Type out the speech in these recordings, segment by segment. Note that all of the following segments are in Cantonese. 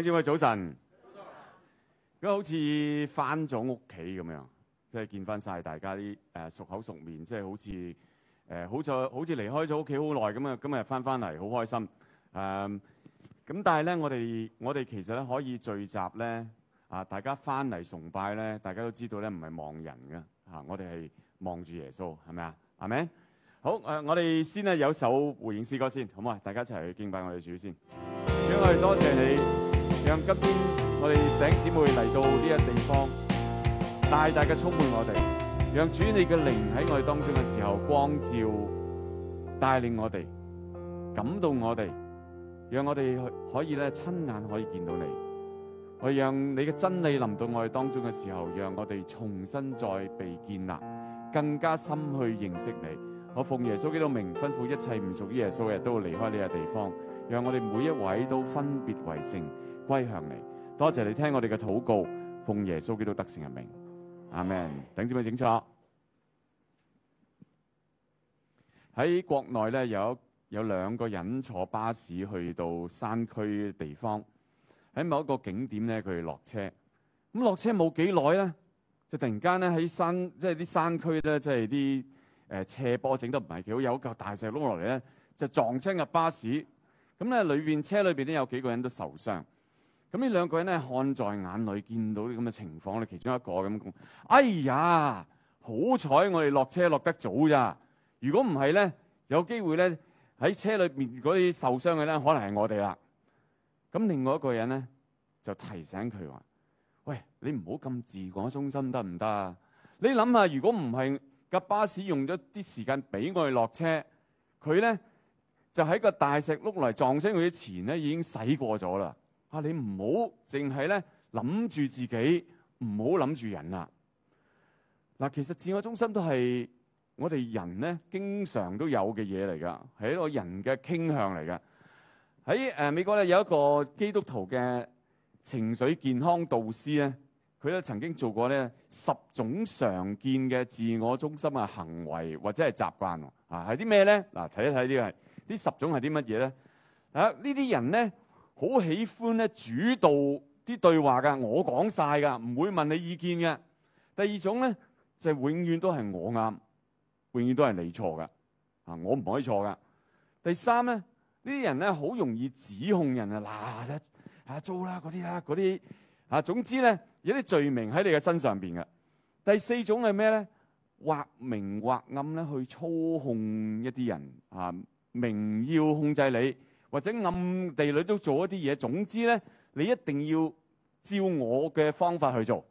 .各位早晨，咁上、嗯、好似翻咗屋企咁樣，即係見翻晒大家啲誒、呃、熟口熟面，即係好似誒、呃、好在好似離開咗屋企好耐咁啊，今日翻翻嚟好開心。誒、嗯，咁但係咧，我哋我哋其實咧可以聚集咧，啊、呃、大家翻嚟崇拜咧，大家都知道咧唔係望人噶吓、啊，我哋係望住耶穌，係咪啊？係咪？好、呃、誒，我哋先係有首回應詩歌先，好唔好啊？大家一齊去敬拜我哋主先。請我哋多謝你。讓今天我哋弟兄姊妹嚟到呢一地方，大大嘅充滿我哋，讓主你嘅靈喺我哋當中嘅時候光照、帶領我哋、感動我哋，讓我哋可以咧親眼可以見到你，我讓你嘅真理臨到我哋當中嘅時候，讓我哋重新再被建立，更加深去認識你。我奉耶穌基督名吩咐，一切唔屬於耶穌嘅都離開呢個地方，讓我哋每一位都分別為聖，歸向你，多謝你聽我哋嘅禱告，奉耶穌基督得勝嘅名，阿門。等住咪整錯。喺 國內咧，有有兩個人坐巴士去到山區地方，喺某一個景點咧，佢哋落車。咁落車冇幾耐咧，就突然間咧喺山，即係啲山區咧，即係啲誒斜坡，整得唔係幾好，有嚿大石碌落嚟咧，就撞親個巴士。咁咧裏邊車裏邊咧有幾個人都受傷。咁呢兩個人咧，看在眼裏，見到啲咁嘅情況咧，其中一個咁講，哎呀，好彩我哋落車落得早咋！如果唔係咧，有機會咧喺車裏面嗰啲受傷嘅咧，可能係我哋啦。咁另外一個人咧，就提醒佢話，喂，你唔好咁自我中心得唔得？你諗下，如果唔係架巴士用咗啲時間俾我哋落車，佢咧就喺個大石碌嚟撞傷佢啲前咧，已經駛過咗啦。啊！你唔好淨係咧諗住自己，唔好諗住人啦。嗱，其實自我中心都係我哋人咧，經常都有嘅嘢嚟噶，係一個人嘅傾向嚟噶。喺誒美國咧有一個基督徒嘅情緒健康導師咧，佢咧曾經做過呢十種常見嘅自我中心嘅行為或者係習慣啊，係啲咩咧？嗱，睇一睇呢個係呢十種係啲乜嘢咧？啊，呢啲人咧。好喜歡咧，主導啲對話㗎，我講晒㗎，唔會問你意見嘅。第二種咧，就係永遠都係我啱，永遠都係你錯㗎。啊，我唔可以錯㗎。第三咧，呢啲人咧好容易指控人啊，嗱，啊，做啦嗰啲啦，嗰啲啊，總之咧有啲罪名喺你嘅身上邊嘅。第四種係咩咧？或明或暗咧去操控一啲人啊，明要控制你。或者暗地裏都做一啲嘢。總之咧，你一定要照我嘅方法去做。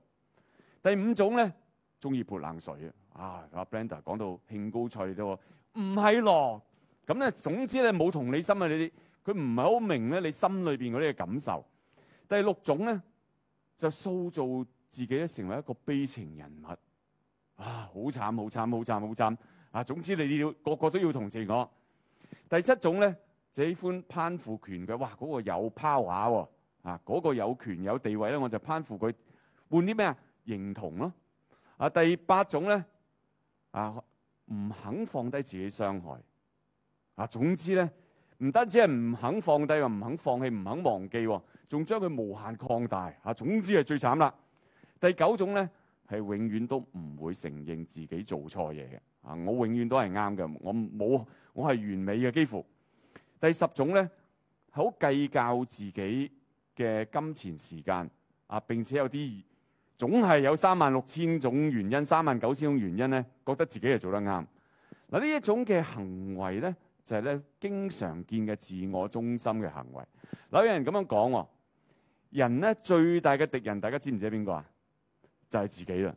第五種咧，鍾意潑冷水啊！啊，Blender 講到興高采烈啫喎，唔係咯咁咧。總之咧，冇同你心啊！你啲佢唔係好明咧，你心裏邊嗰啲嘅感受。第六種咧，就塑造自己咧，成為一個悲情人物啊！好慘，好慘，好慘，好慘，慘啊！總之你哋個個都要同情我。第七種咧。最喜歡攀附權嘅，哇！嗰、那個有拋下喎啊，嗰、那個有權有地位咧，我就攀附佢換啲咩啊？認同咯啊。第八種咧啊，唔肯放低自己傷，傷害啊。總之咧唔得，唔單止係唔肯放低，又唔肯放棄，唔肯忘記，仲將佢無限擴大啊。總之係最慘啦。第九種咧係永遠都唔會承認自己做錯嘢嘅啊。我永遠都係啱嘅，我冇我係完美嘅，幾乎。第十種咧，好計較自己嘅金錢時間啊！並且有啲總係有三萬六千種原因、三萬九千種原因咧，覺得自己係做得啱嗱。呢一種嘅行為咧，就係咧經常見嘅自我中心嘅行為。有人咁樣講，人咧最大嘅敵人，大家知唔知係邊個啊？就係自己啦。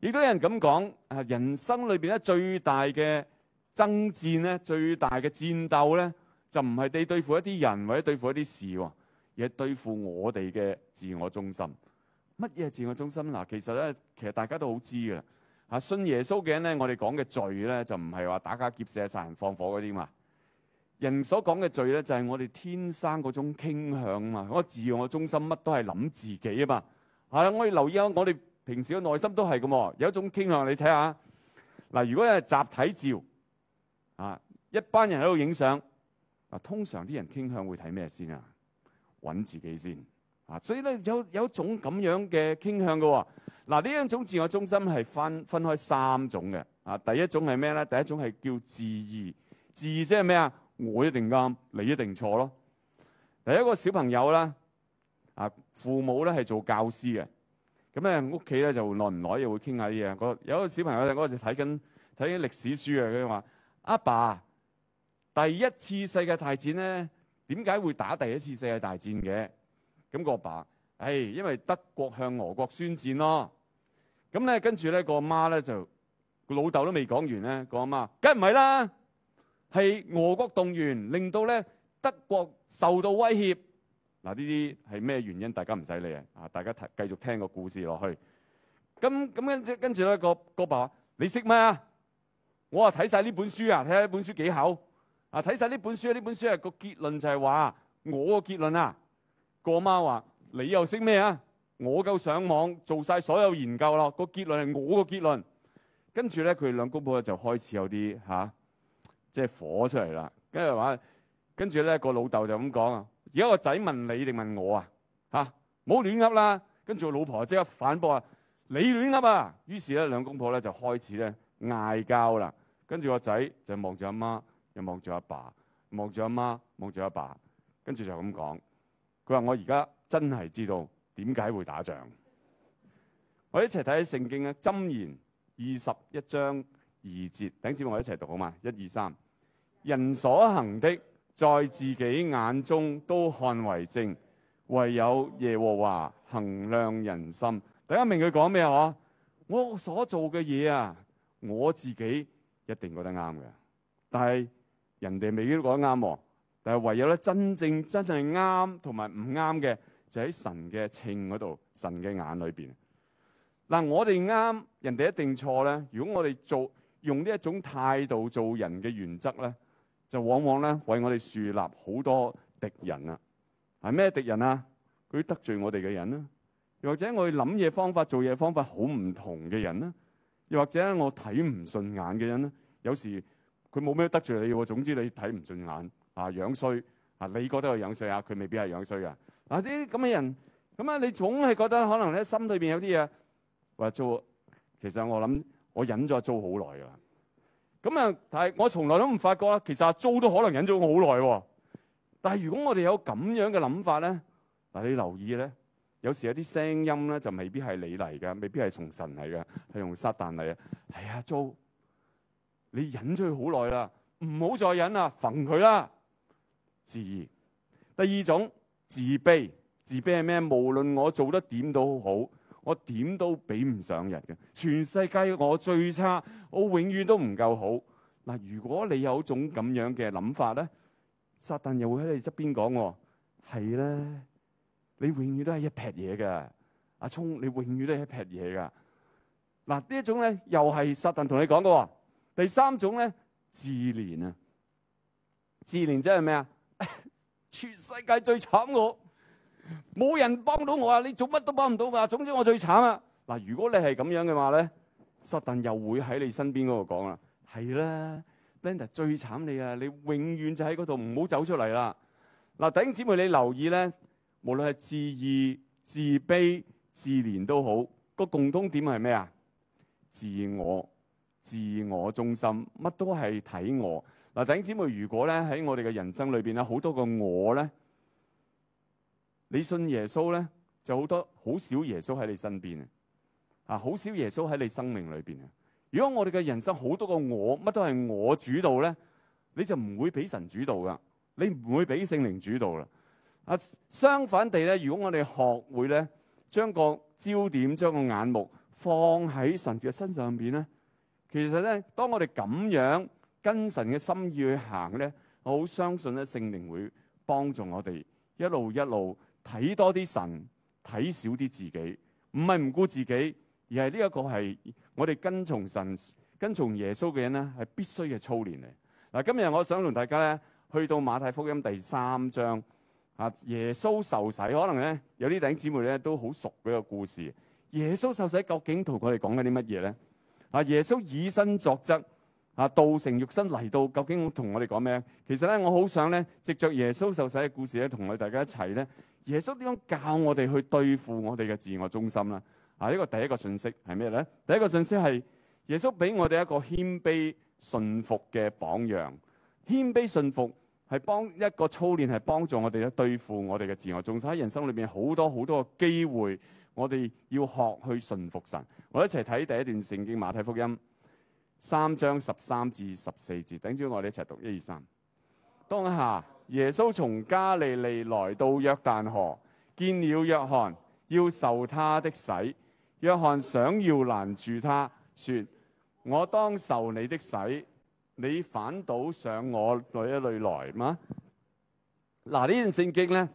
亦都有人咁講啊，人生裏邊咧最大嘅爭戰咧，最大嘅戰鬥咧。就唔係地對付一啲人，或者對付一啲事喎，而係對付我哋嘅自我中心。乜嘢自我中心？嗱，其實咧，其實大家都好知噶啦。啊，信耶穌嘅人咧，我哋講嘅罪咧，就唔係話打家劫舍、殺人放火嗰啲嘛。人所講嘅罪咧，就係我哋天生嗰種傾向啊嘛。嗰個自我中心，乜都係諗自己啊嘛。係啊，我哋留意下，我哋平時嘅內心都係咁。有一種傾向，你睇下嗱，如果係集體照啊，一班人喺度影相。通常啲人傾向會睇咩先啊？揾自己先啊！所以咧，有有一種咁樣嘅傾向嘅。嗱，呢一種自我中心係分分開三種嘅。啊，第一種係咩咧？第一種係叫自義，自義即係咩啊？我一定啱，你一定錯咯。第一個小朋友啦，啊，父母咧係做教師嘅，咁咧屋企咧就耐唔耐又會傾下啲嘢。有一個小朋友咧嗰陣時睇緊睇緊歷史書啊，佢話：阿爸，爸。第一次世界大戰咧，點解會打第一次世界大戰嘅？咁個阿爸，誒、哎，因為德國向俄國宣戰咯。咁咧，跟住咧個阿媽咧就，個老豆都未講完咧，個阿媽，梗唔係啦，係俄國動員令到咧德國受到威脅。嗱，呢啲係咩原因大不用？大家唔使理啊，啊，大家聽，繼續聽個故事落去。咁咁跟住跟住咧個個阿爸，爸說，你識咩啊？我話睇晒呢本書啊，睇下呢本書幾厚。嗱，睇晒呢本書，呢本書啊個結論就係話我個結論啊。個媽話你又識咩啊？我夠上網做晒所有研究咯。個結論係我個結論。跟住咧，佢兩公婆咧就開始有啲吓、啊，即係火出嚟啦。跟住話跟住咧，個老豆就咁講啊。而家個仔問你定問我啊？吓、啊，唔亂噏啦。跟住個老婆即刻反駁啊，你亂噏啊。於是咧，兩公婆咧就開始咧嗌交啦。跟住個仔就望住阿媽。又望住阿爸，望住阿媽，望住阿爸，跟住就咁講。佢話我而家真係知道點解會打仗。我一齊睇《聖經》嘅箴言二十一章二節，等姊妹我一齊讀好嘛？一二三，人所行的，在自己眼中都看為正，唯有耶和華衡量人心。大家明佢講咩？我所做嘅嘢啊，我自己一定覺得啱嘅，但係。人哋未必都講得啱，但係唯有咧真正真係啱同埋唔啱嘅，就喺神嘅稱嗰度，神嘅眼裏邊。嗱，我哋啱，人哋一定錯咧。如果我哋做用呢一種態度做人嘅原則咧，就往往咧為我哋樹立好多敵人啊。係咩敵人啊？佢得罪我哋嘅人啊？又或者我哋諗嘢方法、做嘢方法好唔同嘅人啦，又或者我睇唔順眼嘅人咧，有時。佢冇咩得罪你喎，總之你睇唔順眼啊，樣衰啊，你覺得佢樣衰啊，佢未必係樣衰噶。嗱，啲咁嘅人，咁啊，你總係覺得可能咧心裏面有啲嘢，話做。其實我諗，我忍咗阿租好耐噶啦。咁啊，但係我從來都唔發覺，其實阿租都可能忍咗我好耐喎。但係如果我哋有咁樣嘅諗法咧，嗱、啊、你留意咧，有時有啲聲音咧就未必係你嚟㗎，未必係從神嚟㗎，係用撒但嚟啊。係、哎、啊，租。你忍咗佢好耐啦，唔好再忍啦，焚佢啦！自疑。第二種自卑，自卑係咩？無論我做得點都好，我點都比唔上人嘅，全世界我最差，我永遠都唔夠好。嗱，如果你有種咁樣嘅諗法咧，撒旦又會喺你側邊講喎，「係咧，你永遠都係一撇嘢㗎。」阿聰你永遠都係一撇嘢噶。嗱，呢一種咧又係撒旦同你講嘅。第三種咧，自憐啊！自憐即係咩啊？全世界最慘我，冇人幫到我啊！你做乜都幫唔到㗎！總之我最慘啊！嗱，如果你係咁樣嘅話咧，撒但又會喺你身邊嗰度講啦。係啦、啊，Blender 最慘你啊！你永遠就喺嗰度，唔好走出嚟啦！嗱、啊，弟兄姊妹你留意咧，無論係自義、自卑、自憐都好，個共通點係咩啊？自我。自我中心，乜都係睇我。嗱，頂姊妹，如果咧喺我哋嘅人生裏邊咧，好多個我咧，你信耶穌咧，就好多好少耶穌喺你身邊啊，好少耶穌喺你生命裏邊啊。如果我哋嘅人生好多個我，乜都係我主導咧，你就唔會俾神主導噶，你唔會俾聖靈主導啦。啊，相反地咧，如果我哋學會咧，將個焦點、將個眼目放喺神嘅身上邊咧。其實咧，當我哋咁樣跟神嘅心意去行咧，我好相信咧，聖靈會幫助我哋一路一路睇多啲神，睇少啲自己。唔係唔顧自己，而係呢一個係我哋跟從神、跟從耶穌嘅人咧，係必須嘅操練嚟。嗱，今日我想同大家咧，去到馬太福音第三章啊，耶穌受洗，可能咧有啲弟兄姊妹咧都好熟呢個故事。耶穌受洗究竟同佢哋講緊啲乜嘢咧？啊！耶穌以身作則，啊道成肉身嚟到，究竟同我哋講咩？其實咧，我好想咧，藉着耶穌受洗嘅故事咧，同我哋大家一齊咧，耶穌點樣教我哋去對付我哋嘅自我中心咧？啊，呢個第一個信息係咩咧？第一個信息係耶穌俾我哋一個謙卑順服嘅榜樣，謙卑順服係幫一個操練，係幫助我哋咧對付我哋嘅自我中心。喺人生裏邊好多好多嘅機會。我哋要學去順服神。我一齊睇第一段聖經《馬太福音》三章十三至十四節。等住我哋一齊讀一二三。當下耶穌從加利利來到約旦河，見了約翰，要受他的洗。約翰想要攔住他，說：我當受你的洗，你反倒上我累一類來嗎？嗱，呢段聖經咧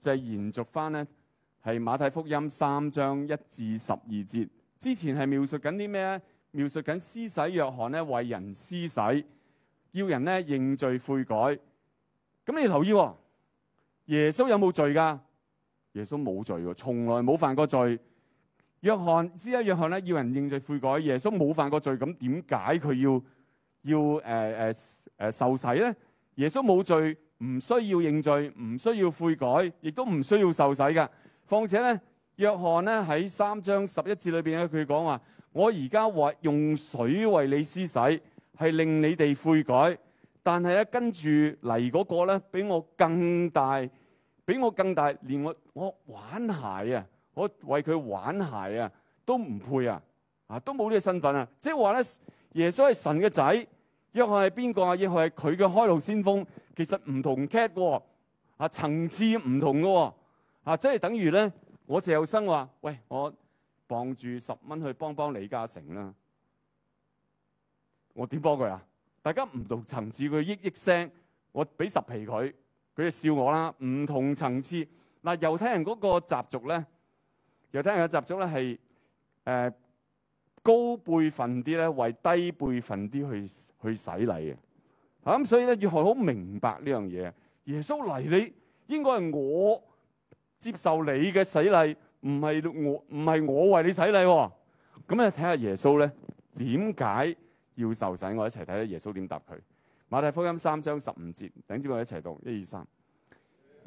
就係、延續翻呢。係馬太福音三章一至十二節之前係描述緊啲咩？描述緊施洗約翰咧，為人施洗，要人咧認罪悔改。咁你留意耶穌有冇罪噶？耶穌冇罪，從來冇犯過罪。約翰知啊，約翰咧要人認罪悔改，耶穌冇犯過罪，咁點解佢要要誒誒誒受洗咧？耶穌冇罪，唔需要認罪，唔需要悔改，亦都唔需要受洗噶。況且咧，約翰咧喺三章十一節裏邊咧，佢講話：我而家話用水為你施洗，係令你哋悔改。但係咧，跟住嚟嗰個咧，比我更大，比我更大，連我我挽鞋啊，我為佢挽鞋啊，都唔配啊，啊，都冇呢個身份啊。即係話咧，耶穌係神嘅仔，約翰係邊個啊？約翰係佢嘅開路先鋒，其實唔同 cat，啊層，啊，次唔同噶，啊。啊！即係等於咧，我謝有生話：喂，我傍住十蚊去幫幫李嘉誠啦。我點幫佢啊？大家唔同層次，佢億億聲，我俾十皮佢，佢就笑我啦。唔同層次嗱，啊、猶太人嗰個習俗咧，猶太人嘅習俗咧係、呃、高輩份啲咧為低輩份啲去去洗禮嘅。咁、啊，所以咧要學好明白呢樣嘢。耶穌嚟你，應該係我。接受你嘅洗禮，唔係我唔係我為你洗禮咁啊。睇下耶穌咧，點解要受洗？我一齊睇下耶穌點答佢。馬太福音三章十五節，等住我一齊讀一二三。1, 2,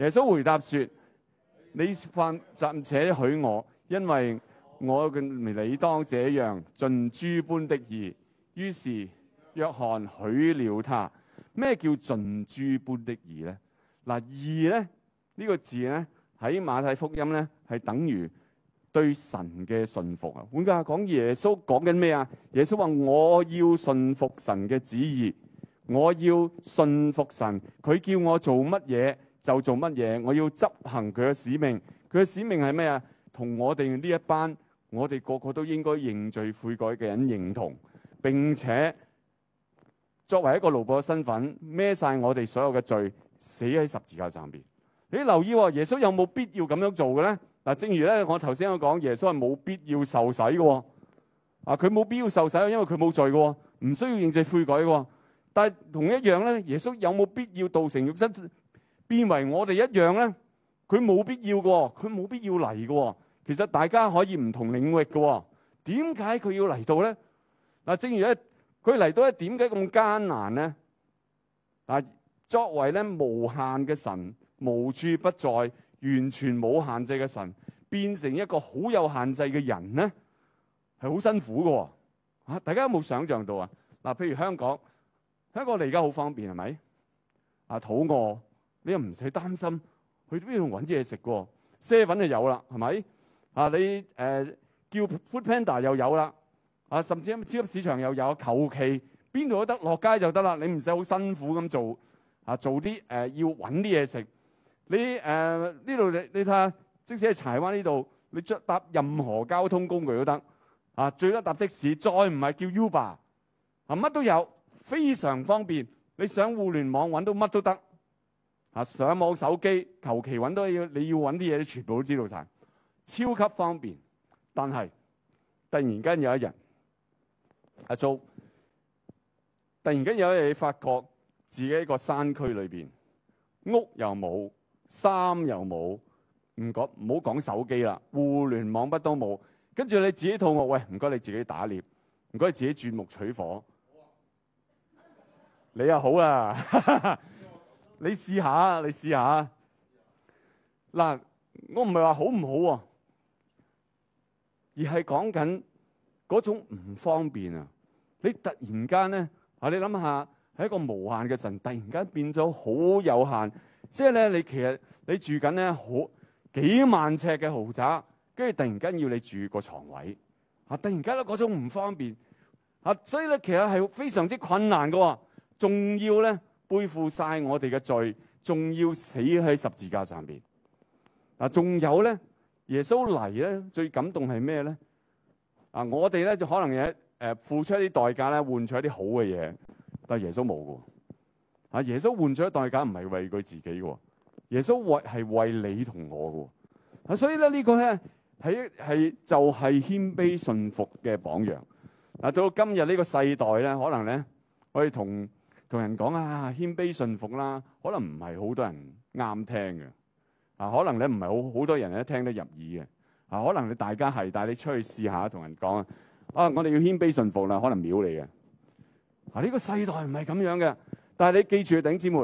耶穌回答說：答說你犯暫且許我，因為我嘅理當這樣盡諸般的義。於是約翰許了他。咩叫盡諸般的義咧？嗱、啊，義咧呢、這個字咧。喺馬太福音咧，係等於對神嘅信服啊！管家講耶穌講緊咩啊？耶穌話：我要信服神嘅旨意，我要信服神，佢叫我做乜嘢就做乜嘢，我要執行佢嘅使命。佢嘅使命係咩啊？同我哋呢一班，我哋個個都應該認罪悔改嘅人認同，並且作為一個勞僕嘅身份，孭晒我哋所有嘅罪，死喺十字架上邊。你留意喎、哦，耶穌有冇必要咁樣做嘅咧？嗱，正如咧，我頭先我講，耶穌係冇必要受洗嘅、哦，啊，佢冇必要受洗，因為佢冇罪嘅，唔需要認罪悔改嘅。但係同一樣咧，耶穌有冇必要道成肉身變為我哋一樣咧？佢冇必要喎，佢冇必要嚟嘅。其實大家可以唔同領域喎。點解佢要嚟到咧？嗱，正如咧，佢嚟到咧，點解咁艱難咧？作為咧無限嘅神。無處不在、完全冇限制嘅神，變成一個好有限制嘅人咧，係好辛苦嘅、哦。啊，大家有冇想象到啊？嗱，譬如香港，香港你而家好方便係咪？啊，肚餓你又唔使擔心，去邊度搵啲嘢食嘅？啡粉就有啦，係咪？啊，你誒、呃、叫 Food Panda 又有啦，啊，甚至超級市場又有，求其邊度都得，落街就得啦，你唔使好辛苦咁做啊，做啲誒、呃、要搵啲嘢食。你誒，呢度你你睇下，即使喺柴灣呢度，你著搭任何交通工具都得啊！最多搭的士，再唔係叫 Uber，啊乜都有，非常方便。你上互聯網揾到乜都得啊！上網手機，求其揾都要，你要揾啲嘢你全部都知道晒，超級方便。但係突然間有一日阿 Joe，突然間有一日你發覺自己喺個山區裏面，屋又冇，衫又冇，唔講唔好講手機啦，互聯網乜都冇。跟住你自己肚餓，喂，唔該你自己打獵，唔該你自己鑽木取火，你又好啊，你，好啊哈哈你試下，你試下。嗱，我唔係話好唔好喎，啊，而係講緊嗰種唔方便啊！你突然間咧，啊，你諗下，係一個無限嘅神，突然間變咗好有限。即係咧，是你其實你住緊咧好幾萬尺嘅豪宅，跟住突然間要你住個床位，啊！突然間咧嗰種唔方便，啊！所以咧其實係非常之困難嘅，仲要咧背負晒我哋嘅罪，仲要死喺十字架上面。嗱，仲有咧，耶穌嚟咧最感動係咩咧？啊，我哋咧就可能有誒付出一啲代價咧換取一啲好嘅嘢，但係耶穌冇噶。啊！耶穌換咗代價，梗唔係為佢自己嘅。耶穌為係為你同我嘅啊！所以咧呢個咧係係就係、是、謙卑順服嘅榜樣。嗱，到今日呢個世代咧，可能咧我哋同同人講啊謙卑順服啦，可能唔係好多人啱聽嘅啊，可能咧唔係好好多人咧聽得入耳嘅啊，可能你大家係，帶你出去試下同人講啊，啊我哋要謙卑順服啦，可能秒你嘅啊，呢、這個世代唔係咁樣嘅。但係你記住，弟兄姊妹，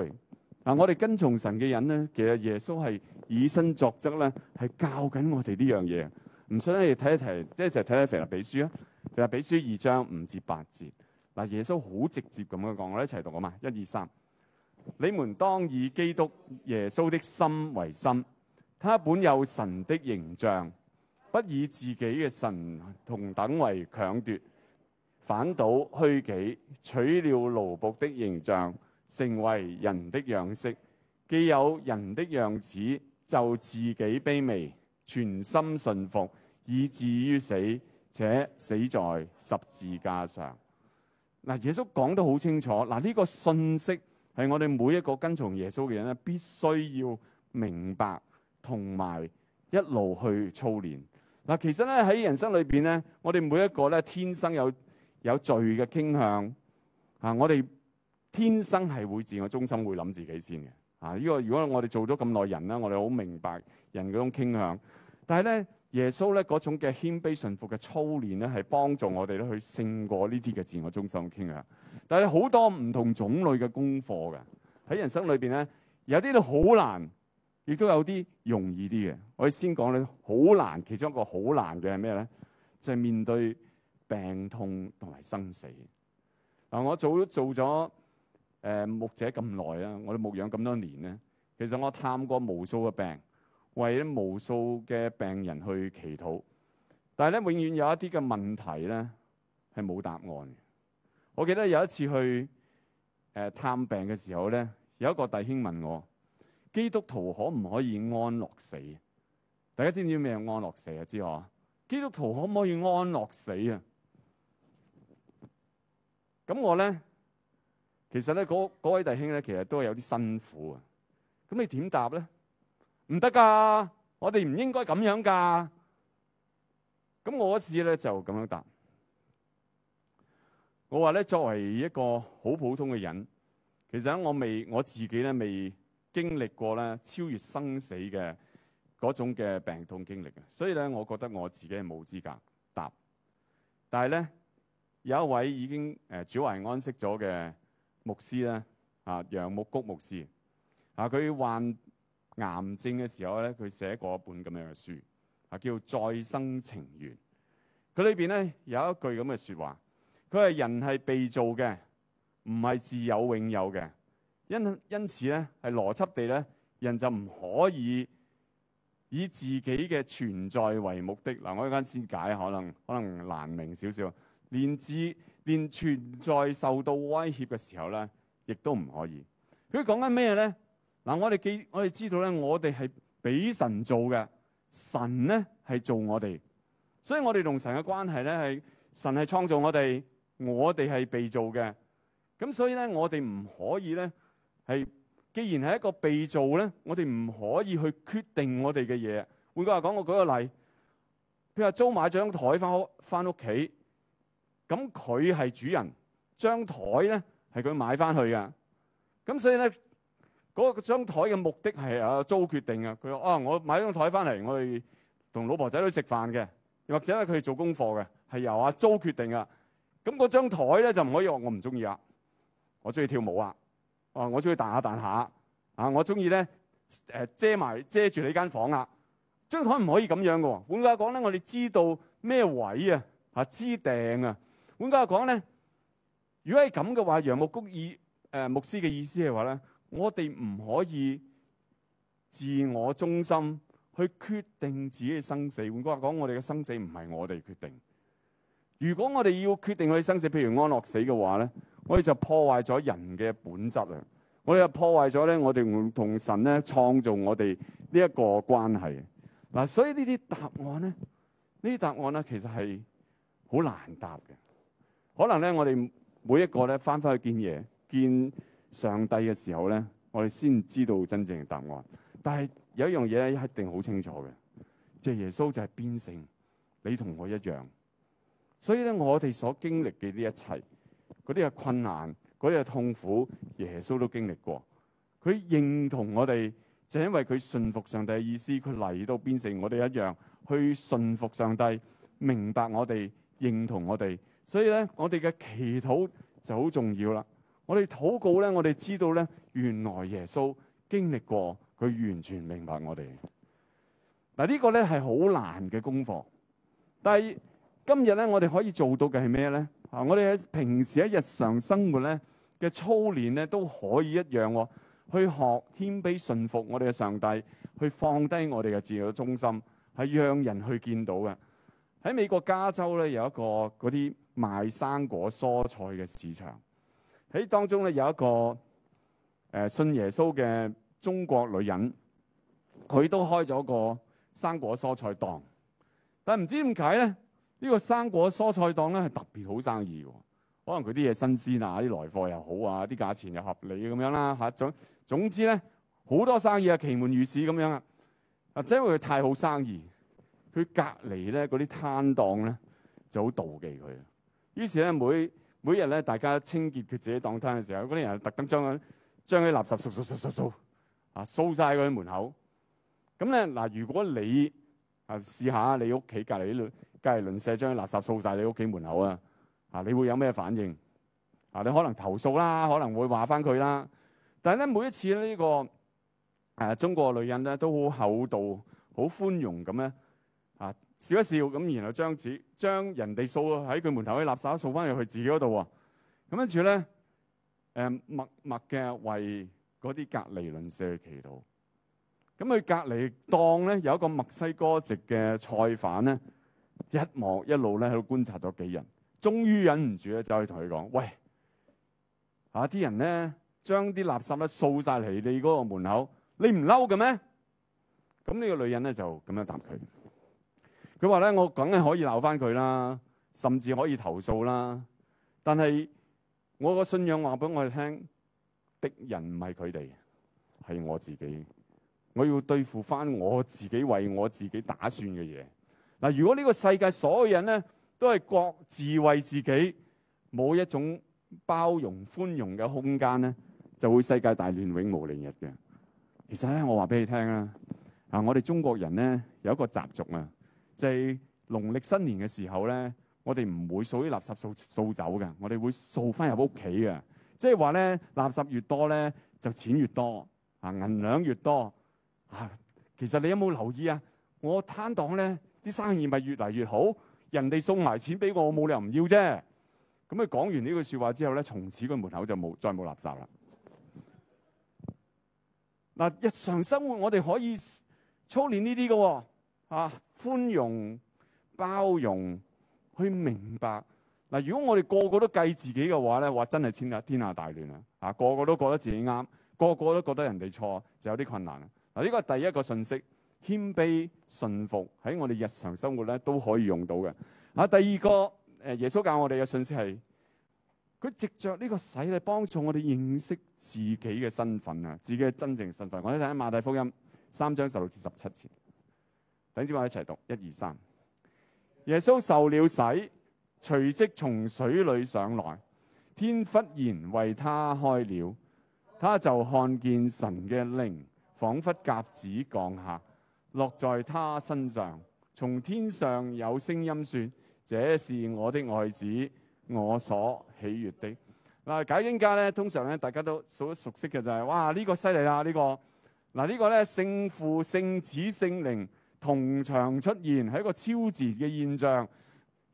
嗱，我哋跟從神嘅人咧，其實耶穌係以身作則咧，係教緊我哋呢樣嘢。唔想咧，睇一睇，即係就睇睇《腓立比書》啊，《腓立比書》二章五至八節。嗱，耶穌好直接咁樣講，我哋一齊讀啊嘛，一二三，你們當以基督耶穌的心為心，他本有神的形象，不以自己嘅神同等為強奪。反倒虛己，取了奴僕的形象，成為人的樣式，既有人的樣子，就自己卑微，全心信服，以至於死，且死在十字架上。嗱，耶穌講得好清楚。嗱，呢個信息係我哋每一個跟從耶穌嘅人咧，必須要明白同埋一路去操練嗱。其實咧喺人生裏邊咧，我哋每一個咧天生有。有罪嘅傾向啊！我哋天生係會自我中心，會諗自己先嘅啊！呢個如果我哋做咗咁耐人啦，我哋好明白人嗰種傾向。但係咧，耶穌咧嗰種嘅謙卑順服嘅操練咧，係幫助我哋咧去勝過呢啲嘅自我中心嘅傾向。但係好多唔同種類嘅功課嘅喺人生裏邊咧，有啲都好難，亦都有啲容易啲嘅。我哋先講咧，好難。其中一個好難嘅係咩咧？就係面對。病痛同埋生死嗱，啊，我做咗做咗誒、呃、牧者咁耐啦。我哋牧養咁多年咧，其實我探過無數嘅病，為咗無數嘅病人去祈禱，但係咧永遠有一啲嘅問題咧係冇答案嘅。我記得有一次去誒、呃、探病嘅時候咧，有一個弟兄問我，基督徒可唔可以安樂死？大家知唔知咩叫安樂死啊？知我，基督徒可唔可以安樂死啊？咁我咧，其實咧嗰位弟兄咧，其實都係有啲辛苦啊！咁你點答咧？唔得噶，我哋唔應該咁樣噶。咁我嗰次咧就咁樣答，我話咧作為一個好普通嘅人，其實呢我未我自己咧未經歷過咧超越生死嘅嗰種嘅病痛經歷，所以咧我覺得我自己係冇資格答。但係咧。有一位已經誒主懷安息咗嘅牧師咧，啊楊牧谷牧師啊，佢患癌症嘅時候咧，佢寫過一本咁樣嘅書啊，叫《再生情緣》。佢裏邊咧有一句咁嘅説話，佢係人係被造嘅，唔係自有永有嘅，因因此咧係邏輯地咧，人就唔可以以自己嘅存在為目的嗱。我一陣先解，可能可能難明少少。連自連存在受到威脅嘅時候咧，亦都唔可以。佢講緊咩咧？嗱、啊，我哋記我哋知道咧，我哋係俾神做嘅，神咧係做我哋。所以我哋同神嘅關係咧，係神係創造我哋，我哋係被造嘅。咁所以咧，我哋唔可以咧係，既然係一個被造咧，我哋唔可以去決定我哋嘅嘢。換句話講，我舉個例，譬如話租買咗張台翻屋翻屋企。咁佢係主人，張台咧係佢買翻去㗎。咁所以咧，嗰個張台嘅目的係阿租決定嘅。佢話啊，我買張台翻嚟，我哋同老婆仔女食飯嘅，或者咧佢做功課嘅，係由阿租決定㗎。那個桌呢」咁嗰張台咧就唔可以話我唔中意啊，我中意跳舞啊，我中意彈下彈下啊，我中意咧誒遮埋遮住呢間房啊。張台唔可以咁樣嘅。換句話講咧，我哋知道咩位啊，啊知訂啊。換句話講咧，如果係咁嘅話，楊牧谷意誒牧師嘅意思係話咧，我哋唔可以自我中心去決定自己嘅生死。換句話講，我哋嘅生死唔係我哋決定。如果我哋要決定去生死，譬如安樂死嘅話咧，我哋就破壞咗人嘅本質啊！我哋就破壞咗咧，我哋同神咧創造我哋呢一個關係。嗱，所以呢啲答案咧，呢啲答案咧，其實係好難答嘅。可能咧，我哋每一個咧翻翻去見嘢，見上帝嘅時候咧，我哋先知道真正嘅答案。但係有一樣嘢咧，一定好清楚嘅，即係耶穌就係變成，你同我一樣。所以咧，我哋所經歷嘅呢一切，嗰啲啊困難，嗰啲啊痛苦，耶穌都經歷過。佢認同我哋，就係因為佢信服上帝嘅意思，佢嚟到變成，我哋一樣，去信服上帝，明白我哋認同我哋。所以咧，我哋嘅祈禱就好重要啦。我哋禱告咧，我哋知道咧，原來耶穌經歷過，佢完全明白我哋。嗱呢個咧係好難嘅功課。但係今日咧，我哋可以做到嘅係咩咧？啊，我哋喺平時喺日常生活咧嘅操練咧都可以一樣，去學謙卑順服我哋嘅上帝，去放低我哋嘅自我中心，係讓人去見到嘅。喺美國加州咧有一個嗰啲賣生果蔬菜嘅市場，喺當中咧，有一個誒、呃、信耶穌嘅中國女人，佢都開咗個生果蔬菜檔。但係唔知點解咧，呢、這個生果蔬菜檔咧係特別好生意的，可能佢啲嘢新鮮啊，啲來貨又好啊，啲價錢又合理咁樣啦吓。總總之咧，好多生意啊，其門如市咁樣啊，啊，因為佢太好生意，佢隔籬咧嗰啲攤檔咧就好妒忌佢。於是咧，每每日咧，大家清潔佢自己檔攤嘅時候，嗰啲人特登將佢將啲垃圾掃掃掃掃掃，啊掃晒佢啲門口。咁咧嗱，如果你啊試下你屋企隔離啲隔離鄰舍將啲垃圾掃晒你屋企門口啊，啊，你會有咩反應？啊，你可能投訴啦，可能會話返佢啦。但係咧，每一次呢個誒中國女人咧都好厚道、好寬容咁咧。笑一笑咁，然後將紙將人哋掃喺佢門口啲垃圾掃翻入去自己嗰度喎。咁跟住咧，默默嘅為嗰啲隔離鄰舍去祈禱。咁佢隔離檔咧有一個墨西哥籍嘅菜販咧，一望一路咧喺度觀察咗幾人，終於忍唔住咧走去同佢講：喂，啊啲人咧將啲垃圾咧掃晒嚟你嗰個門口，你唔嬲嘅咩？咁呢個女人咧就咁樣答佢。佢話咧，我梗係可以鬧翻佢啦，甚至可以投訴啦。但係我個信仰話俾我哋聽，敵人唔係佢哋，係我自己。我要對付翻我自己，為我自己打算嘅嘢嗱。如果呢個世界所有人咧都係各自為自己，冇一種包容寬容嘅空間咧，就會世界大亂，永無寧日嘅。其實咧，我話俾你聽啦，啊，我哋中國人咧有一個習俗啊。即係農曆新年嘅時候咧，我哋唔會掃啲垃圾掃掃走嘅，我哋會掃翻入屋企嘅。即係話咧，垃圾越多咧，就錢越多啊，銀兩越多啊。其實你有冇留意啊？我攤檔咧啲生意咪越嚟越好，人哋送埋錢俾我，我冇理由唔要啫。咁佢講完呢句説話之後咧，從此個門口就冇再冇垃圾啦。嗱、啊，日常生活我哋可以操練呢啲嘅喎，啊寬容、包容，去明白嗱。如果我哋個個都計自己嘅話咧，話真係天天下大亂啦！啊，個個都覺得自己啱，個個都覺得人哋錯，就有啲困難啦。嗱，呢個係第一個信息，謙卑順服喺我哋日常生活咧都可以用到嘅。啊，第二個，誒，耶穌教我哋嘅信息係佢藉着呢個洗禮幫助我哋認識自己嘅身份啊，自己嘅真正身份。我哋睇《馬太福音》三章十六至十七節。等住我一齊讀，一二三。耶穌受了洗，隨即從水裏上來，天忽然為他開了，他就看見神嘅靈仿佛鴿子降下，落在他身上。從天上有聲音說：這是我的愛子，我所喜悦的。嗱，解經家咧，通常咧，大家都熟熟悉嘅就係、是，哇，這個這個這個、呢個犀利啦，呢個嗱呢個咧，聖父、聖子、聖靈。同場出現係一個超自然嘅現象。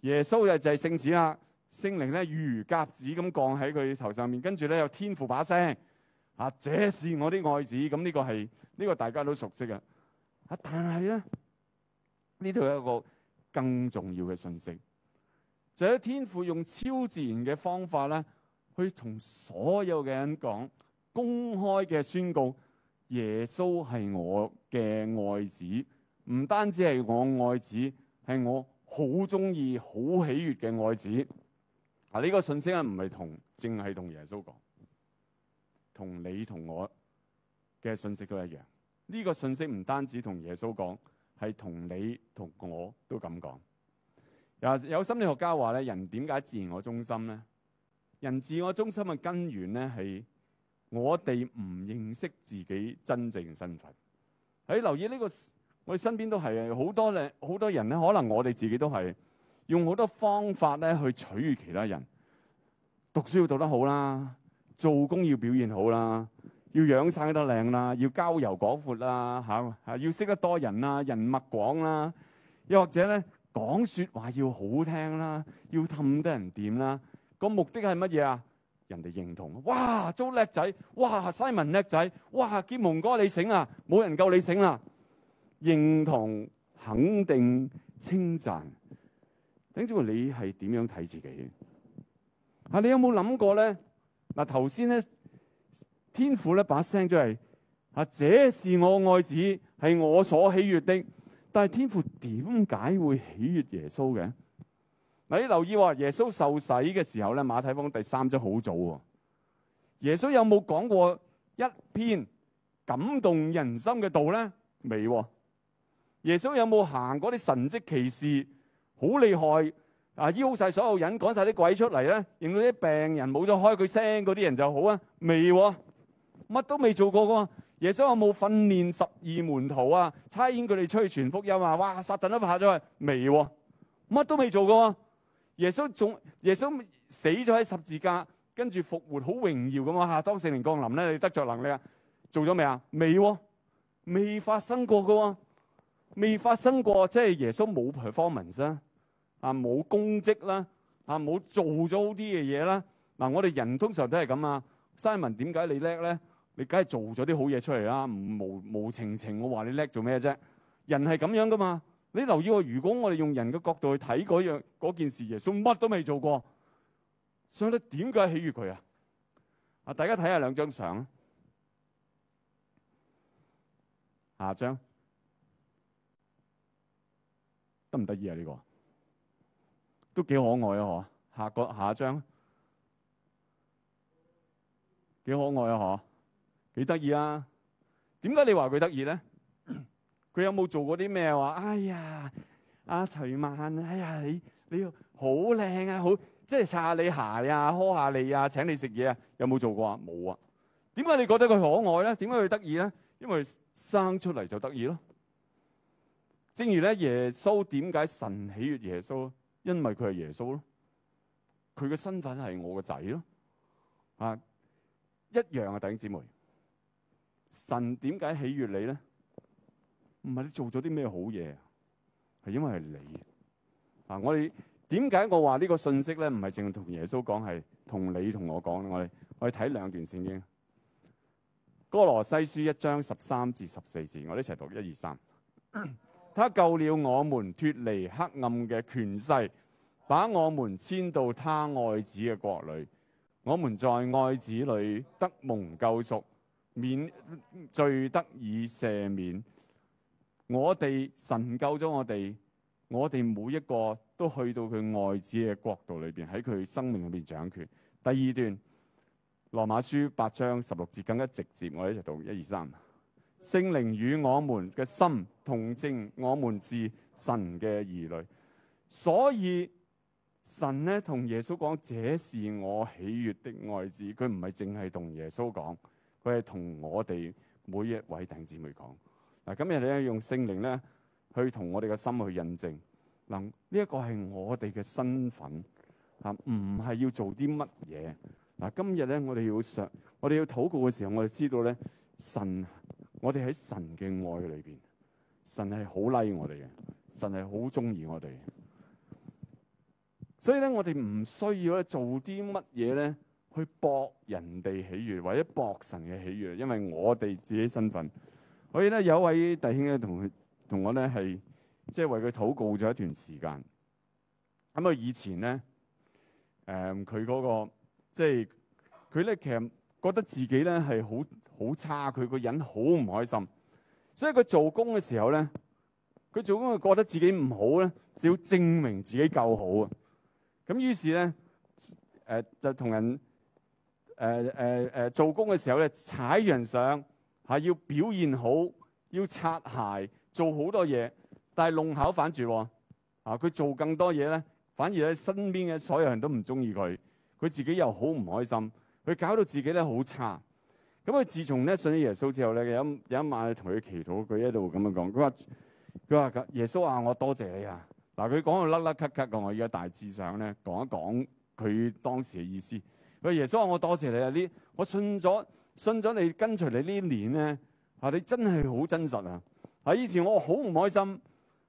耶穌就係聖子啦，聖靈咧如鴿子咁降喺佢頭上面，跟住咧有天父把聲啊，這是我的愛子。咁呢個係呢、這個大家都熟悉嘅啊。但係咧呢度有一個更重要嘅訊息，就係、是、天父用超自然嘅方法咧，去同所有嘅人講公開嘅宣告，耶穌係我嘅愛子。唔單止係我愛子，係我好中意、好喜悅嘅愛子。啊，呢個信息唔係同，淨係同耶穌講，同你同我嘅信息都一樣。呢、這個信息唔單止同耶穌講，係同你同我都咁講。有心理學家話咧，人點解自我中心咧？人自我中心嘅根源咧係我哋唔認識自己真正身份。喺、哎、留意呢、這個。我哋身邊都係好多咧，好多人咧，可能我哋自己都係用好多方法咧去取悅其他人。讀書要讀得好啦，做工要表現好啦，要養生得靚啦，要交遊廣闊啦，嚇、啊、嚇、啊啊、要識得多人啦，人脈廣啦，又或者咧講説話要好聽啦，要氹得人點啦。個目的係乜嘢啊？人哋認同。哇，做叻仔！哇，西文叻仔！哇，建蒙哥你醒啦，冇人夠你醒啦！認同、肯定、稱讚，丁志華，你係點樣睇自己？啊，你有冇諗過咧？嗱，頭先咧，天父咧把聲出嚟，啊，這是我愛子，係我所喜悅的。但係天父點解會喜悅耶穌嘅？嗱，你留意喎，耶穌受洗嘅時候咧，馬太福音第三章好早喎。耶穌有冇講過一篇感動人心嘅道咧？未。耶穌有冇行嗰啲神蹟奇事，好厲害啊！醫晒所有人，趕晒啲鬼出嚟咧，令到啲病人冇咗開佢聲嗰啲人就好啊？未乜、啊、都未做過的。耶穌有冇訓練十二門徒啊？差遣佢哋出去傳福音啊？哇！撒旦都拍咗去，未乜、啊、都未做過的、啊。耶穌仲耶穌死咗喺十字架，跟住復活，好榮耀咁啊！下當聖靈降臨咧，你得着能力啊？做咗未啊？未未、啊、發生過噶、啊。未發生過，即係耶穌冇 performance 啦，啊冇功績啦，啊冇做咗啲嘅嘢啦。嗱，我哋人通常都係咁啊。Simon，點解你叻咧？你梗係做咗啲好嘢出嚟啦，無無情情我話你叻做咩啫？人係咁樣噶嘛？你留意我，如果我哋用人嘅角度去睇嗰樣件事，耶穌乜都未做過，所以點解喜悦佢啊？啊，大家睇下兩張相，下張。得唔得意啊？呢、這個都幾可愛啊！吓，下個下一張幾可愛啊！吓，幾得意啊？點解你話佢得意咧？佢有冇做過啲咩話？哎呀，阿、啊、徐曼，哎呀，你你要好靚啊！好，即係擦下你鞋啊，呵下你啊，請你食嘢啊？有冇做過啊？冇啊？點解你覺得佢可愛咧？點解佢得意咧？因為生出嚟就得意咯。正如咧，耶穌點解神喜悦耶穌？因為佢係耶穌咯，佢嘅身份係我嘅仔咯。啊，一樣啊，弟兄姊妹，神點解喜悦你咧？唔係你做咗啲咩好嘢，係因為係你。啊，我哋點解我話呢個信息咧，唔係淨係同耶穌講，係同你同我講。我哋我哋睇兩段聖經，《哥羅西書》一章十三至十四節，我哋一齊讀一二三。 他救了我們脫離黑暗嘅權勢，把我們遷到他愛子嘅國裏。我們在愛子裏得蒙救贖，免罪得以赦免。我哋神救咗我哋，我哋每一個都去到佢愛子嘅國度裏邊，喺佢生命裏邊掌權。第二段，羅馬書八章十六節更加直接，我哋一齊讀一二三。聖靈與我們嘅心同證，我們是神嘅兒女。所以神咧同耶穌講，這是我喜悅的愛子。佢唔係淨係同耶穌講，佢係同我哋每一位弟兄姊妹講嗱。今日你咧用聖靈咧去同我哋嘅心去印證嗱，呢一個係我哋嘅身份啊，唔係要做啲乜嘢嗱。今日咧我哋要上，我哋要禱告嘅時候，我哋知道咧神。我哋喺神嘅愛裏邊，神係好 like 我哋嘅，神係好中意我哋。所以咧，我哋唔需要咧做啲乜嘢咧，去博人哋喜悅，或者博神嘅喜悅。因為我哋自己身份，所以咧，有位弟兄咧同佢，同我咧係，即係、就是、為佢禱告咗一段時間。咁佢以前咧，誒、呃，佢嗰、那個即係佢咧，其實覺得自己咧係好。好差，佢個人好唔開心，所以佢做工嘅時候咧，佢做工佢覺得自己唔好咧，就要證明自己夠好啊。咁於是咧，誒、呃、就同人誒誒誒做工嘅時候咧，踩人上嚇，要表現好，要擦鞋，做好多嘢。但係弄巧反拙，啊佢做更多嘢咧，反而咧身邊嘅所有人都唔中意佢，佢自己又好唔開心，佢搞到自己咧好差。咁佢自從咧信咗耶穌之後咧，有有一晚同佢祈禱，佢一度咁樣講：佢話佢話耶穌啊，我多謝你啊！嗱，佢講到甩甩咳咳嘅，我而家大致上咧講一講佢當時嘅意思。佢話耶穌啊，我多謝你啊！呢，我信咗信咗你，跟隨你呢年咧，啊，你真係好真實啊！啊，以前我好唔開心，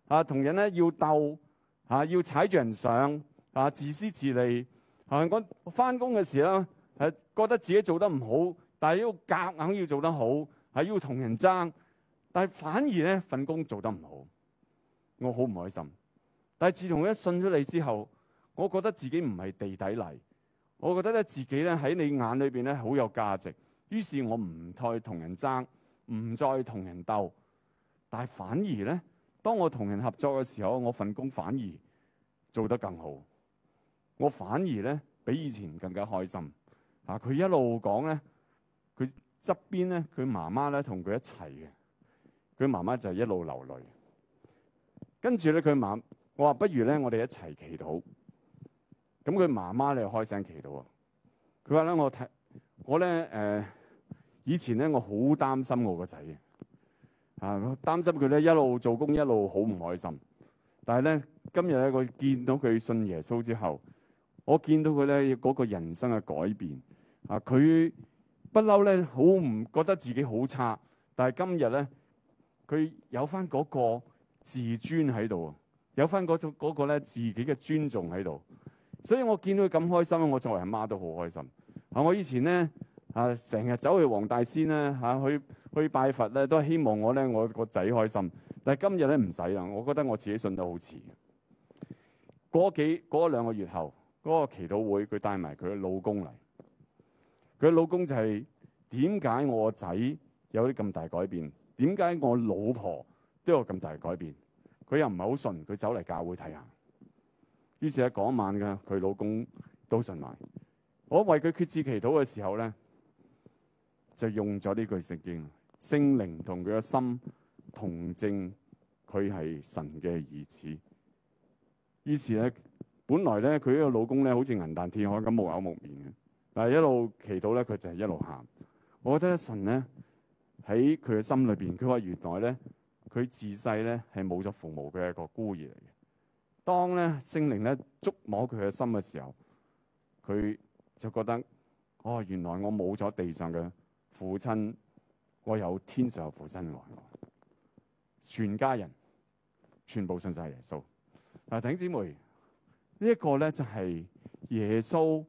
啊，同人咧要鬥，啊，要踩住人上，啊，自私自利，啊，我翻工嘅時啦，係覺得自己做得唔好。但係要夾硬要做得好，係要同人爭，但係反而咧份工做得唔好，我好唔開心。但係自從佢一信咗你之後，我覺得自己唔係地底泥。我覺得咧自己咧喺你眼裏面咧好有價值。於是，我唔再同人爭，唔再同人鬥，但係反而咧，當我同人合作嘅時候，我份工反而做得更好，我反而咧比以前更加開心。嗱，佢一路講咧。側邊咧，佢媽媽咧同佢一齊嘅，佢媽媽就一路流淚。跟住咧，佢媽，我話不如咧，我哋一齊祈禱。咁佢媽媽咧開聲祈禱啊，佢話咧我睇，我咧誒、呃、以前咧我好擔心我個仔啊，擔心佢咧一路做工一路好唔開心，但係咧今日咧我見到佢信耶穌之後，我見到佢咧嗰個人生嘅改變啊佢。呢不嬲咧，好唔覺得自己好差，但係今日咧，佢有返嗰個自尊喺度，有返嗰種嗰個咧、嗰個、自己嘅尊重喺度，所以我見到佢咁開心，我作為阿媽都好開心。啊，我以前咧啊，成日走去黃大仙咧嚇、啊、去去拜佛咧，都希望我咧我個仔開心，但係今日咧唔使啦，我覺得我自己信得好遲。嗰幾嗰兩個月後，嗰、嗰個祈禱會佢帶埋佢老公嚟。佢老公就係點解我仔有啲咁大改變？點解我老婆都有咁大改變？佢又唔係好信，佢走嚟教會睇下。於是咧嗰晚嘅佢老公都信埋。我為佢決志祈禱嘅時候咧，就用咗呢句聖經：聖靈同佢嘅心同證，佢係神嘅兒子。於是咧，本來咧佢呢個老公咧，好似銀彈天海咁木口木面嘅。嗱，但係一路祈禱咧，佢就係一路喊。我覺得神咧喺佢嘅心裏邊，佢話原來咧，佢自細咧係冇咗父母嘅一個孤兒嚟嘅。當咧聖靈咧捉摸佢嘅心嘅時候，佢就覺得哦，原來我冇咗地上嘅父親，我有天上嘅父親愛我。全家人全部信晒耶穌。嗱，弟兄姊妹，這個、呢一個咧就係、是、耶穌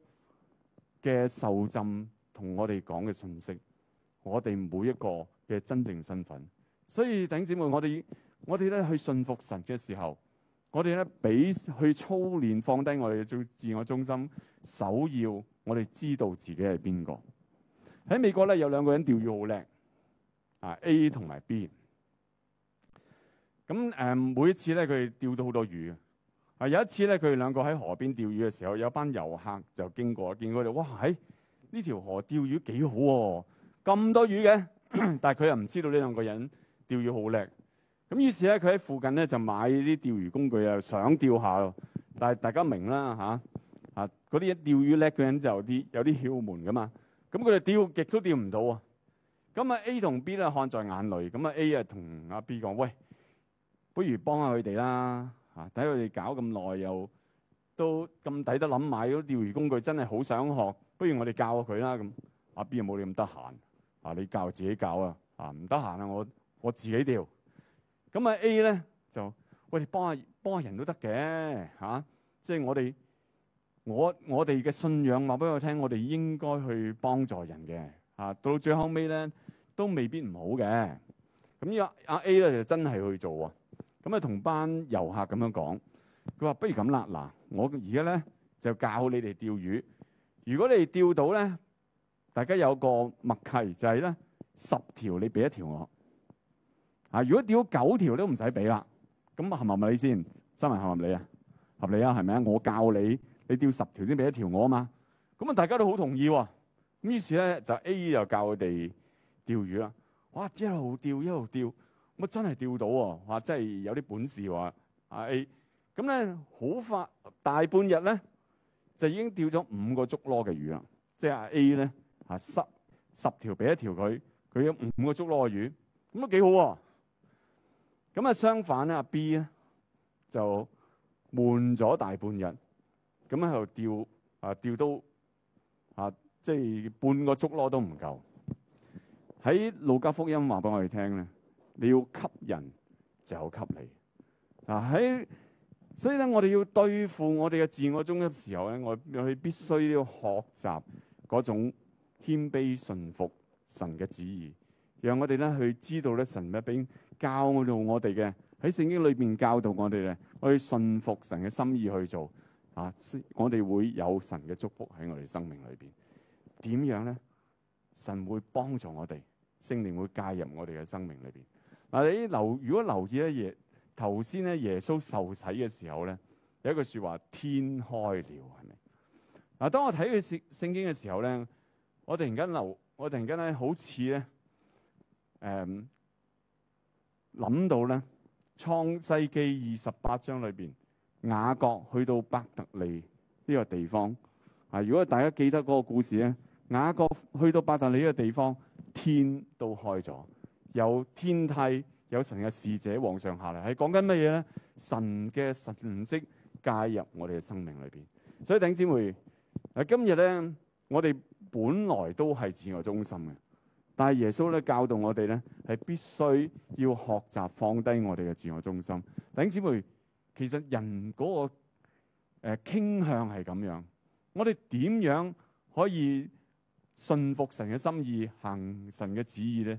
嘅受浸同我哋講嘅信息，我哋每一個嘅真正身份。所以弟兄姊妹，我哋我哋咧去信服神嘅時候，我哋咧俾去操練放低我哋嘅自我中心，首要我哋知道自己係邊個。喺美國咧有兩個人釣魚好叻，啊 A 同埋 B。咁誒、嗯，每一次咧佢哋釣到好多魚。有一次咧，佢哋兩個喺河邊釣魚嘅時候，有班遊客就經過，見佢哋，哇！喺、哎、呢條河釣魚幾好，啊，咁多魚嘅。 但係佢又唔知道呢兩個人釣魚好叻。咁於是咧，佢喺附近咧就買啲釣魚工具啊，想釣下咯。但係大家明啦，吓啊，嗰啲釣魚叻嘅人就有啲有啲竅門㗎嘛。咁佢哋釣極都釣唔到。啊。咁啊 A 同 B 咧看在眼裏，咁啊 A 啊同阿 B 講：喂，不如幫下佢哋啦。啊！睇佢哋搞咁耐，又都咁抵得諗買咗釣魚工具，真係好想學，不如我哋教下佢啦咁。阿 B 又冇你咁得閒，啊你教自己教啊，啊唔得閒啊，我我自己釣。咁啊 A 咧就，喂，幫下幫下人都得嘅吓，即係我哋我我哋嘅信仰話俾我聽，我哋應該去幫助人嘅。啊，到最後尾咧都未必唔好嘅。咁呢個阿 A 咧就真係去做喎。咁啊，同班遊客咁樣講，佢話：不如咁啦，嗱，我而家咧就教你哋釣魚。如果你釣到咧，大家有個默契，就係咧十條你俾一條我。啊，如果釣到九條都唔使俾啦。咁合唔合理先？三文合唔合理啊？合理啊，係咪啊？我教你，你釣十條先俾一條我啊嘛。咁啊，大家都好同意，啊。咁於是咧就 A、E、就教佢哋釣魚啦。哇，一路釣一路釣。乜真係釣到喎、啊？嚇、啊，真係有啲本事喎、啊！阿、啊、A 咁咧，好快大半日咧就已經釣咗五個竹籮嘅魚啦。即係阿 A 咧嚇、啊、十十條俾一條佢，佢有五個竹籮嘅魚，咁都幾好。咁啊，相反咧，阿 B 咧就悶咗大半日，咁喺度釣啊，釣到啊，即、就、係、是、半個竹籮都唔夠。喺路加福音話俾我哋聽咧。你要吸引就吸你，嗱、喺、啊、所以咧，我哋要對付我哋嘅自我中心的時候咧，我我哋必須要學習嗰種謙卑順服神嘅旨意，讓我哋咧去知道咧神咩俾教導我哋嘅喺聖經裏邊教導我哋咧，我哋順服神嘅心意去做啊，我哋會有神嘅祝福喺我哋生命裏邊。點樣咧？神會幫助我哋，聖靈會介入我哋嘅生命裏邊。嗱、啊，你留如果留意咧，耶頭先咧，耶穌受洗嘅時候咧，有一句説話：天開了，係咪？嗱、啊，當我睇佢聖聖經嘅時候咧，我突然間留，我突然間咧，好似咧，誒諗到咧，《創世記》二十八章裏邊，雅各去到伯特利呢個地方。啊，如果大家記得嗰個故事咧，雅各去到伯特利呢個地方，天都開咗。有天梯，有神嘅使者往上下嚟，係講緊乜嘢咧？神嘅神蹟介入我哋嘅生命裏邊，所以弟兄姊妹喺今日咧，我哋本來都係自我中心嘅，但係耶穌咧教導我哋咧，係必須要學習放低我哋嘅自我中心。弟兄姊妹，其實人嗰、那個誒、呃、傾向係咁樣，我哋點樣可以信服神嘅心意，行神嘅旨意咧？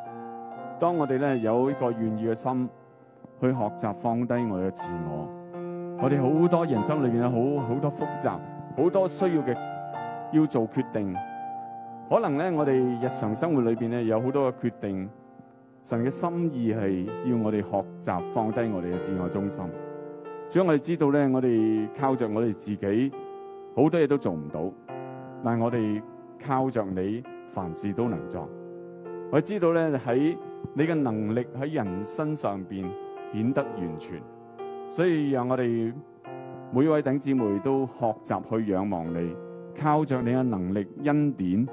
當我哋咧有一個願意嘅心去學習放低我嘅自我，我哋好多人生裏邊有好好多複雜，好多需要嘅要做決定。可能咧我哋日常生活裏邊咧有好多嘅決定，神嘅心意係要我哋學習放低我哋嘅自我中心。所以我哋知道咧，我哋靠着我哋自己好多嘢都做唔到，但係我哋靠着你，凡事都能做。我哋知道咧喺。你嘅能力喺人身上邊顯得完全，所以讓我哋每一位弟姊妹都學習去仰望你，靠著你嘅能力恩典，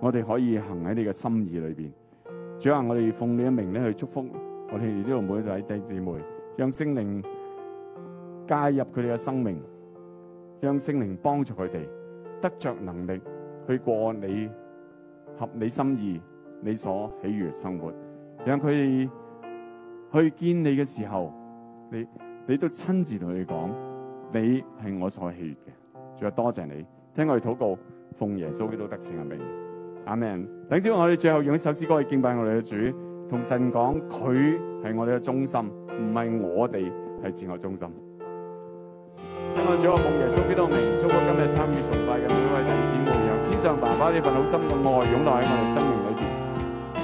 我哋可以行喺你嘅心意裏邊。主啊，我哋奉你一名咧去祝福我哋呢度每一位弟姊妹，讓聖靈介入佢哋嘅生命，讓聖靈幫助佢哋，得著能力去過你合你心意、你所喜悅生活。讓佢哋去見你嘅時候，你你都親自同佢講，你係我所喜悦嘅，仲有多謝,謝你聽我哋禱告，奉耶穌基督得勝嘅名，阿門，等朝我哋最後用一首詩歌去敬拜我哋嘅主，同神講佢係我哋嘅中心，唔係我哋係自我中心。親愛嘅主我奉耶穌基督名，祝福今日參與崇拜嘅每位弟兄姊妹，天上爸爸呢份好深嘅愛，擁抱喺我哋生命裏邊。